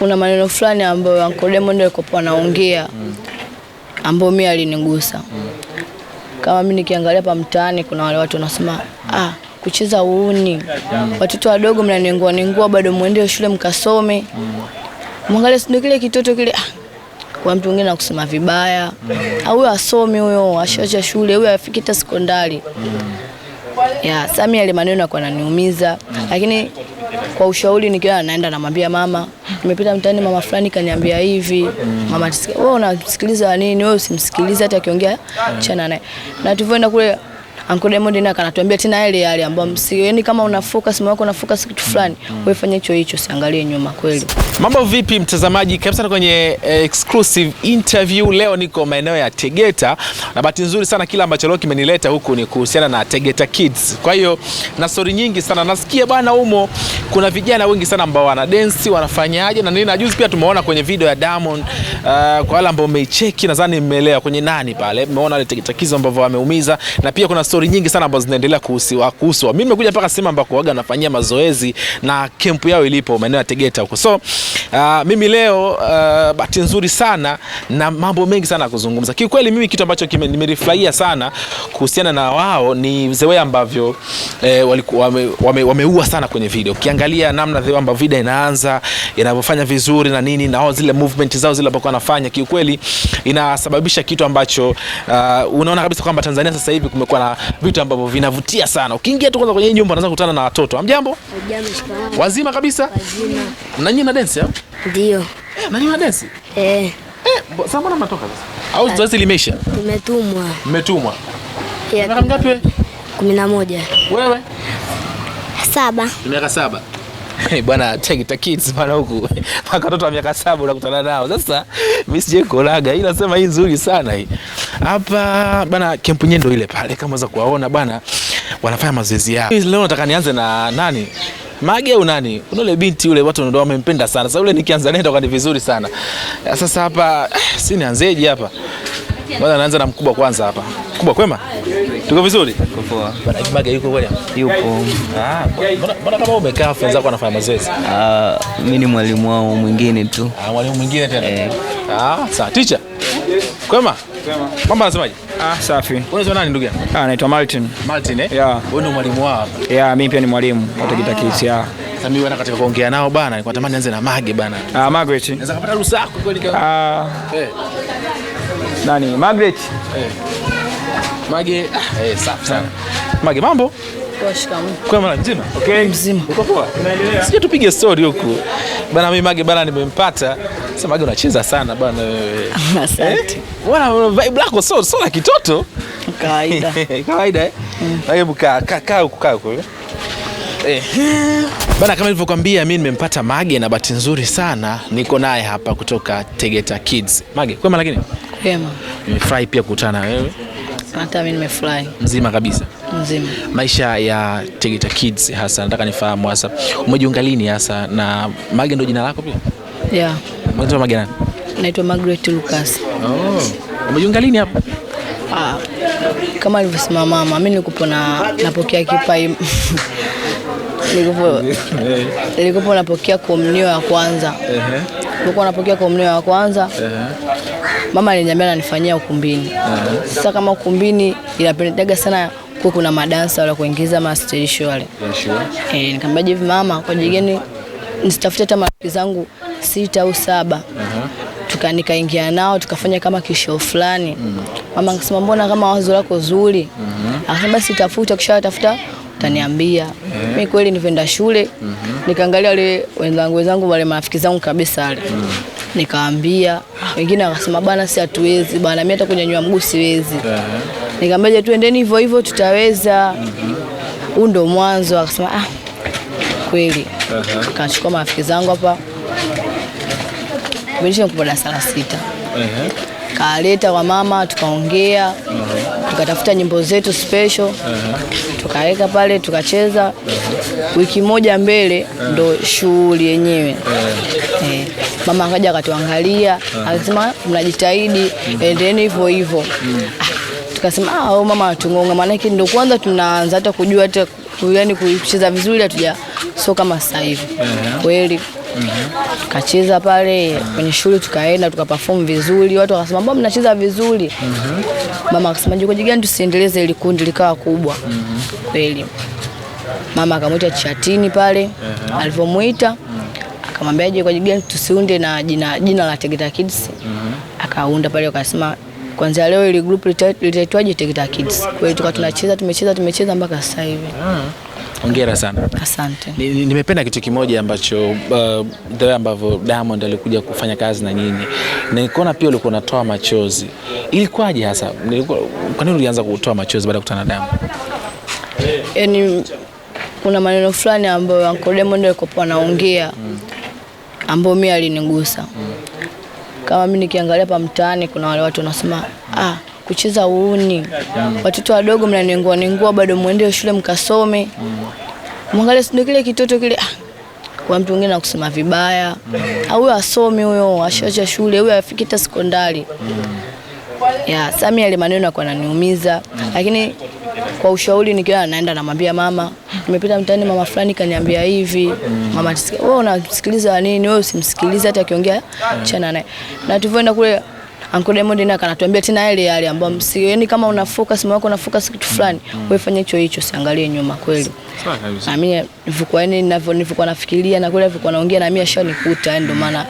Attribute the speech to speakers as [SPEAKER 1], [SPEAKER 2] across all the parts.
[SPEAKER 1] kuna maneno fulani ambayo Uncle Diamond alikuwa anaongea ambayo mimi alinigusa. Kama mimi nikiangalia pa mtaani, kuna wale watu wanasema ah, kucheza uuni, watoto wadogo mnanengua nengua, bado muende shule mkasome. Mwangalie sio kile kitoto kile ah, kwa mtu mwingine anakusema vibaya au ah, huyo asome, huyo ashacha shule, huyo afiki hata sekondari. Ya, Sami yale maneno yanakuwa yananiumiza, lakini kwa ushauri nikiwa naenda namwambia mama, nimepita mtaani mama fulani kaniambia hivi. Mama, wewe unasikiliza nini? Wewe usimsikilize hata akiongea chana naye. Na tulivyoenda kule Uncle Diamond naye akanatuambia tena yale yale ambayo msio, yani kama una focus mwa wako na focus kitu fulani, wewe fanya hicho hicho siangalie nyuma kweli.
[SPEAKER 2] Mambo vipi mtazamaji? Karibu sana kwenye eh, exclusive interview. Leo niko maeneo ya Tegeta na bahati nzuri sana kila ambacho leo kimenileta huku ni kuhusiana na Tegeta Kids. Kwa hiyo na story nyingi sana nasikia bwana umo kuna vijana wengi sana ambao wana dance wanafanyaje na nini, na juzi pia tumeona kwenye video ya Diamond uh, kwa wale ambao mmeicheki, nadhani mmeelewa kwenye nani pale, mmeona ile tekizo ambavyo wameumiza, na pia kuna story nyingi sana ambazo zinaendelea kuhusu kuhusu. Mimi nimekuja mpaka sema ambako waga nafanyia mazoezi na kempu yao ilipo maeneo ya Tegeta huko, so uh, mimi leo uh, bahati nzuri sana na mambo mengi sana ya kuzungumza kiukweli. Mimi kitu ambacho nimerifurahia sana kuhusiana na wao ni zewe ambavyo eh, walikuwa wameua wame, wame sana kwenye video Kianga ukiangalia namna the ambavyo Vida inaanza inavyofanya vizuri na nini na zile movement zao zile ambazo wanafanya, kiukweli inasababisha kitu ambacho uh, unaona kabisa kwamba Tanzania sasa hivi kumekuwa na vitu ambavyo vinavutia sana. Ukiingia tu kwanza kwenye nyumba unaanza kukutana na watoto. Hamjambo? Wazima kabisa? Wazima. Na nyinyi na dance hapo?
[SPEAKER 1] Ndio. Eh, na nyinyi na dance? Eh.
[SPEAKER 2] Eh, sasa mbona mnatoka sasa? Au ah. zoezi limeisha?
[SPEAKER 1] Nimetumwa.
[SPEAKER 2] Mmetumwa. Miaka ngapi wewe? 11. Wewe? saba. Miaka saba. Hey, Bwana take Tegeta Kids bwana, huku mpaka watoto wa miaka saba unakutana nao. Sasa mimi sije kolaga, ila nasema hii nzuri sana hii hapa bwana. Kempu nyendo ile pale, kama unaweza kuwaona bwana, wanafanya mazoezi yao. Leo nataka nianze na nani Mage au nani? Kuna yule binti ule, watu ndio wamempenda sana. Sasa Ule nikianza nenda kwa ni vizuri sana. Sasa hapa eh, si nianzeje hapa? Bwana naanza na mkubwa kwanza hapa. Mkubwa kwema? Tuko vizuri?
[SPEAKER 3] Yuko yupo.
[SPEAKER 2] Ah, mbona kama umekaa wenzako anafanya mazoezi?
[SPEAKER 3] Ah, mimi ni mwalimu wao mwingine tu.
[SPEAKER 2] Ah, mwalimu mwingine tena.
[SPEAKER 3] Eh. Ah,
[SPEAKER 2] sawa. Teacher. Kwema? Kwema. Mama anasemaje?
[SPEAKER 4] Ah, safi.
[SPEAKER 2] Wewe ni nani ndugu yangu?
[SPEAKER 4] Ah, naitwa Martin. Martin eh? Yeah.
[SPEAKER 2] Wewe ndio mwalimu wao hapa?
[SPEAKER 4] Yeah, mimi pia ni mwalimu katika kitakiti. ya.
[SPEAKER 2] Sasa mimi wana katika kuongea nao bana, nilikuwa natamani nianze na Mage bana.
[SPEAKER 4] Ah, Margaret. Naweza
[SPEAKER 2] kupata ruhusa yako kweli kama?
[SPEAKER 4] Ah. Eh.
[SPEAKER 2] Nani? Margaret. Eh. Mage, ah, eh, safi sana. Mage, mambo? Mzima?
[SPEAKER 1] Okay. Mzima.
[SPEAKER 2] Uko poa? Unaendelea? Sije tupige story huku. Bana mimi Mage bana nimempata. Sasa Mage unacheza sana bana wewe.
[SPEAKER 1] Asante. Eh?
[SPEAKER 2] Bwana vibe lako so so la kitoto. Kawaida. Kawaida eh? Mm. Hebu kaa kaa huku kaa huku. Eh. Bana kama nilivyokuambia mimi nimempata Mage na bahati nzuri sana niko naye hapa kutoka Tegeta Kids. Mage, kwema lakini? Kwema. Nimefurahi pia kukutana na wewe.
[SPEAKER 1] Hata mimi nimefurahi.
[SPEAKER 2] Mzima kabisa. Mzima. Maisha ya Tegeta Kids hasa nataka nifahamu hasa umejiunga lini hasa na Mage ndio jina lako pia? Yeah. Unaitwa Mage nani?
[SPEAKER 1] Naitwa Margaret Lucas.
[SPEAKER 2] Oh. Umejiunga lini hapa?
[SPEAKER 1] Ah. Kama alivyosema mama, mimi nilikuwa na napokea kipai nilikuwa napokea komunio ya kwanza. Ehe. Uh -huh. Nilikuwa napokea komunio ya kwanza. Ehe. Uh -huh mama aliniambia ananifanyia ukumbini. Sasa kama ukumbini inapendaga sana kwa kuna madansa wala kuingiza master show wale. Eh, nikamwambia hivi mama, kwa ajili gani nisitafute hata marafiki zangu sita au saba uh-huh. tukanikaingia nao tukafanya kama kishow fulani. Mm. Mama akasema mbona kama wazo lako zuri? Mm-hmm. Akasema basi tafuta kisha tafuta utaniambia mm. Mimi kweli nivenda shule mm -hmm. Nikaangalia wale wenzangu wenzangu wale marafiki zangu kabisa wale mm Nikaambia wengine wakasema bana, si hatuwezi bana, mimi hata kunyanyua mguu siwezi yeah. Nikaambia tuendeni hivyo hivyo tutaweza mm huu -hmm. Ndo mwanzo akasema ah, kweli uh -huh. Kachukua marafiki zangu hapa darasa la sita uh -huh. Kaleta kwa mama tukaongea uh -huh tukatafuta nyimbo zetu special uh-huh. tukaweka pale tukacheza uh-huh. wiki moja mbele uh-huh. ndo shughuli yenyewe eh, Mama akaja akatuangalia akasema mnajitahidi endeni hivyo hivyo mm. ah, tukasema ah, mama tungonga, maanake ndo kwanza tunaanza hata kujua hata yani kucheza vizuri hatuja, so kama sasa hivi uh -huh. kweli mm -hmm. Kacheza pale kwenye shule, tukaenda tukaperform vizuri, watu wakasema mbona mnacheza vizuri mm -hmm. Mama akasema jukumu gani tusiendeleze, ili kundi likawa kubwa mhm. kweli mm -hmm. Mama akamwita chatini pale mm -hmm. Alivyomwita akamwambia je, kwa tusiunde na jina, jina la Tegeta Kids mm -hmm. Akaunda pale akasema kwanza leo ile group litaitwaje? Tegeta Kids. Kwa hiyo tukawa tunacheza tumecheza tumecheza mpaka sasa hivi. Ah.
[SPEAKER 2] Hongera sana. Asante. Nimependa kitu kimoja ambacho uh, ambavyo Diamond alikuja kufanya kazi na nyinyi. Nikaona pia ulikuwa unatoa machozi. Ilikuwaje hasa? Kwa nini ulianza kutoa machozi baada ya kukutana na Diamond?
[SPEAKER 1] Yaani kuna maneno fulani ambayo Uncle Diamond alikuwa anaongea mm. ambayo mimi alinigusa. Mm. Kama mimi nikiangalia hapa mtaani, kuna wale watu wanasema ah, kucheza uuni, watoto wadogo mnanengua nengua, bado muende shule mkasome. Mwangalie sindo kile kitoto kile, ah, kwa mtu mwingine nakusema vibaya, au huyo asome, huyo ashaacha shule, huyo afiki hata sekondari. Ya, sasa mimi yale maneno yanakuwa yananiumiza, lakini kwa ushauri nikiwa naenda namwambia mama, nimepita mtaani, mama fulani kaniambia hivi. Mama tisikia, wewe unasikiliza nini? Wewe usimsikilize, hata akiongea chana naye. Na tulivyoenda kule Uncle Diamond naye akanatuambia tena yale yale ambayo msieni, kama una focus mwako una focus kitu fulani, wewe fanya hicho hicho, siangalie nyuma kweli. Na mimi nilivyokuwa yani ninavyo nilivyokuwa nafikiria na kule nilivyokuwa naongea na mimi asha nikuta, ndio maana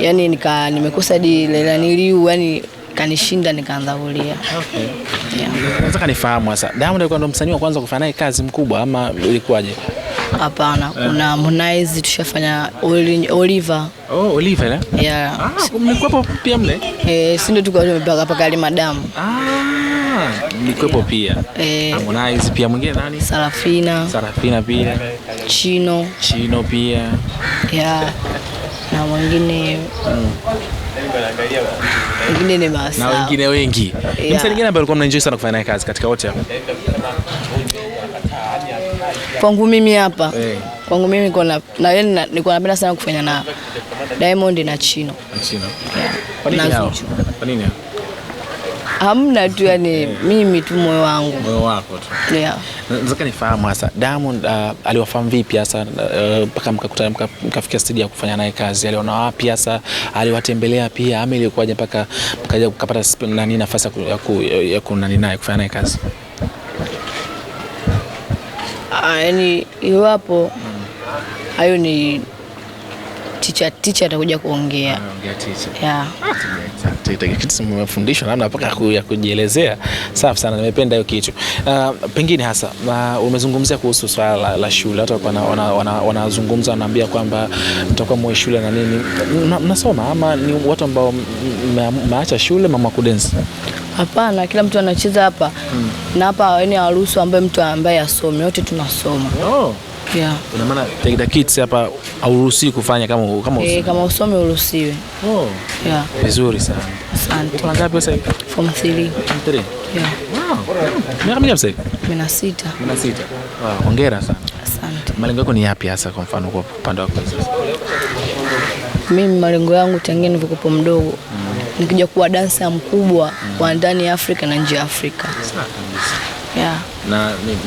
[SPEAKER 1] yani nika nimekosa dile na niliu yani kanishinda nikaanza kulia. Okay.
[SPEAKER 2] Yeah. Nataka nifahamu sasa, Diamond alikuwa ndo msanii wa kwanza kufanya naye kazi mkubwa ama ilikuwaje?
[SPEAKER 1] Hapana, eh. kuna Harmonize tushafanya Oliver.
[SPEAKER 2] Oh, Oliver na? Eh? Yeah. Ah, mlikuwa pia mle?
[SPEAKER 1] Eh, si ndio tukao tumepaka paka ile madamu.
[SPEAKER 2] Ah, mlikuwa pia.
[SPEAKER 1] Eh, Harmonize
[SPEAKER 2] pia mwingine nani?
[SPEAKER 1] Sarafina.
[SPEAKER 2] Sarafina pia.
[SPEAKER 1] Chino.
[SPEAKER 2] Chino pia.
[SPEAKER 1] Yeah. na mwingine mm anaangalia vinene masaa na
[SPEAKER 2] wengine wengi. Yeah. Msanii gani ambaye alikuwa mnaenjoy sana kufanya naye kazi katika wote hapa?
[SPEAKER 1] Kwangu mimi hapa. Hey. Eh. Kwangu mimi na yeye nilikuwa napenda sana kufanya na Diamond na Chino. Chino. Kwa
[SPEAKER 2] nini? Kwa nini?
[SPEAKER 1] hamna tu yani eh, eh. mimi tu moyo wangu.
[SPEAKER 2] Moyo wako tu. Yeah. Nataka nifahamu hasa Diamond uh, aliwafahamu vipi hasa uh, mpaka uh, mkakutana mkafikia mka stage ya kufanya naye kazi, aliona wapi hasa, aliwatembelea pia ama ilikuwaje mpaka mkaja kupata nani nafasi ya ku, ya ku nani naye kufanya naye kazi?
[SPEAKER 1] Ah, yani iwapo hmm. hayo ni teacher teacher atakuja kuongea. Ah, yeah.
[SPEAKER 2] namna mpaka ya kujielezea. Safi sana, nimependa hiyo kitu. Uh, pengine hasa uh, umezungumzia kuhusu swala la, la shule hata wanazungumza wanaambia kwamba mtakuwa mwe shule na nini, mnasoma ama ni watu ambao mmeacha shule mama kudensi?
[SPEAKER 1] Hapana, kila mtu anacheza hapa hmm. na hapa ni hawaruhusu ambaye mtu ambaye asomi, wote tunasoma oh. Yeah.
[SPEAKER 2] Ina maana Take the Kids hapa hauruhusiwi kufanya kama
[SPEAKER 1] kama usome. Eh, kama usome uruhusiwi. Oh. Yeah. Vizuri sana. Asante. Uko ngapi sasa hivi? Form 3. Form 3. Yeah. Wow. Miaka mingapi sasa hivi? Mimi na sita.
[SPEAKER 2] Mimi na sita. Wow, hongera sana. Asante. Malengo yako ni yapi hasa kwa mfano kwa upande wako sasa?
[SPEAKER 1] Mimi malengo yangu tangia nilivyokuwa mdogo mm. Nikija kuwa dansa mkubwa mm. wa ndani ya Afrika na nje ya Afrika. Asante. Na,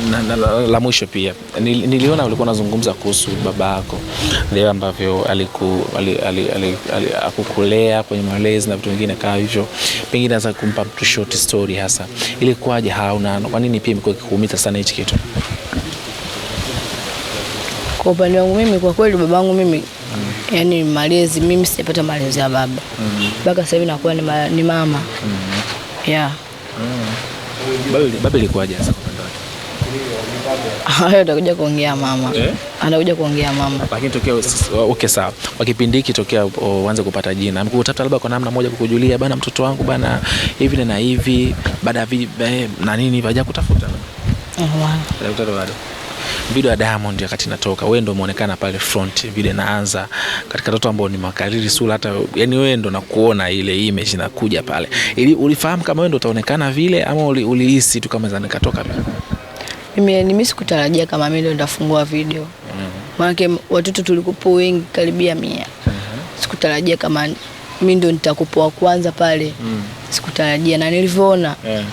[SPEAKER 2] na, na, la, la mwisho pia nil, niliona ulikuwa unazungumza kuhusu baba yako leo ambavyo akukulea kwenye malezi na vitu vingine kama hivyo, pengine aza kumpa mtu short story, hasa ilikuwaje? Hauna kwa nini pia imekuwa ikikuumiza sana hichi kitu?
[SPEAKER 1] Kwa upande wangu mimi, kwa kweli wangu mimi mm. yani malezi mimi sijapata malezi ya baba mm. mpaka mm. sasa hivi nakuwa ni, ma, ni mama mm. yeah mm.
[SPEAKER 2] Baba ilikuwaje sasa kwa upande wake?
[SPEAKER 1] Hayo atakuja kuongea mama eh? Anakuja kuongea mama.
[SPEAKER 2] Lakini tokea okay, sawa kwa kipindi hiki tokea uanze kupata jina, amkutafuta labda kwa namna moja kukujulia bana, mtoto wangu bana hivi na hivi, baada ya eh, na nini vaja kutafuta eh, bado video ya Diamond wakati inatoka, wewe ndio umeonekana pale front vile naanza katika toto ambao ni makariri sura, hata yani wewe ndio nakuona ile image inakuja pale. Ili ulifahamu kama wewe ndio utaonekana vile ama ulihisi tu kama katoka pale?
[SPEAKER 1] Mimi mimi sikutarajia kama mimi ndio nitafungua video mm. Maanake watoto tulikupo wengi karibia mia mm -hmm. Sikutarajia kama mimi ndio nitakupoa kwanza pale mm. Sikutarajia na nilivyoona yeah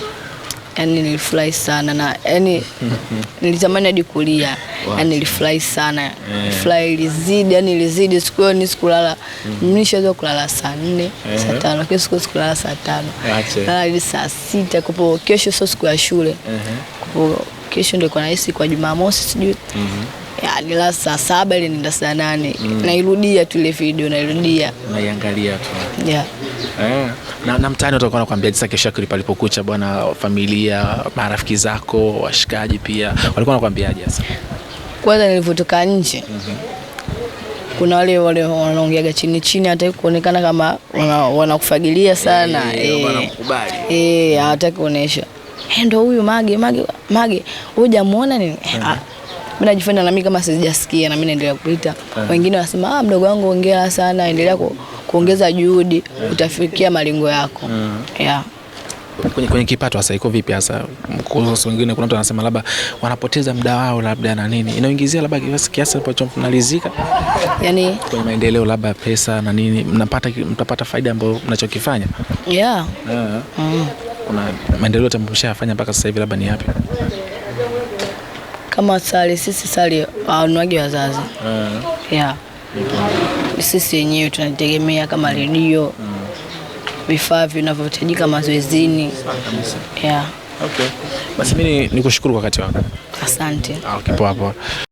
[SPEAKER 1] yani nilifurahi sana na yani nilitamani hadi kulia yani nilifurahi sana eh. furahi ilizidi yani ilizidi siku hiyo ni sikulala mm-hmm. nishaweza kulala saa nne eh. saa tano kesho siku sikulala saa tano lala hadi saa sita kupo kesho sio siku ya shule eh. kupo kesho ndio nahisi kwa Jumamosi sijui mm-hmm. la saa saba ili nenda saa nane mm. nairudia tu ile video nairudia
[SPEAKER 2] naiangalia tu yeah na, na mtaani watakuwa nakwambia jinsi kesho yako palipokucha bwana, familia, marafiki zako, washikaji pia walikuwa nakwambiaje? Sasa
[SPEAKER 1] kwanza nilivyotoka nje mm -hmm. kuna wale wale wanaongeaga chini chini, hata kuonekana kama wanakufagilia wana sana
[SPEAKER 2] wanakukubali eh,
[SPEAKER 1] eh, eh, hawataki kuonesha eh, ndo huyu Mage Mage Mage, hujamuona nini? mm -hmm. Mimi najifanya na mimi kama sijasikia, na mimi naendelea kuita. -hmm. Wengine wanasema ah, mdogo wangu ongea sana, endelea ku kuongeza juhudi utafikia malengo yako mm. yeah.
[SPEAKER 2] Kwenye, kwenye kipato hasa iko vipi hasa? Wengine kuna mtu anasema labda wanapoteza muda wao labda na nini, inaingizia labda kiasi ambacho mnalizika, yani kwenye maendeleo labda pesa na nini, mnapata mtapata faida ambayo mnachokifanya
[SPEAKER 1] yeah. yeah. Uh-huh.
[SPEAKER 2] mm. kuna maendeleo mshayafanya mpaka sasa hivi labda ni yapi?
[SPEAKER 1] Kama sali sisi sali uh, wanuagi wazazi uh-huh. yeah. yeah sisi wenyewe tunategemea kama redio, vifaa vinavyohitajika mazoezini. Yeah. Okay.
[SPEAKER 2] Basi mimi nikushukuru kwa wakati wako. Asante. Okay, ah, poa poa.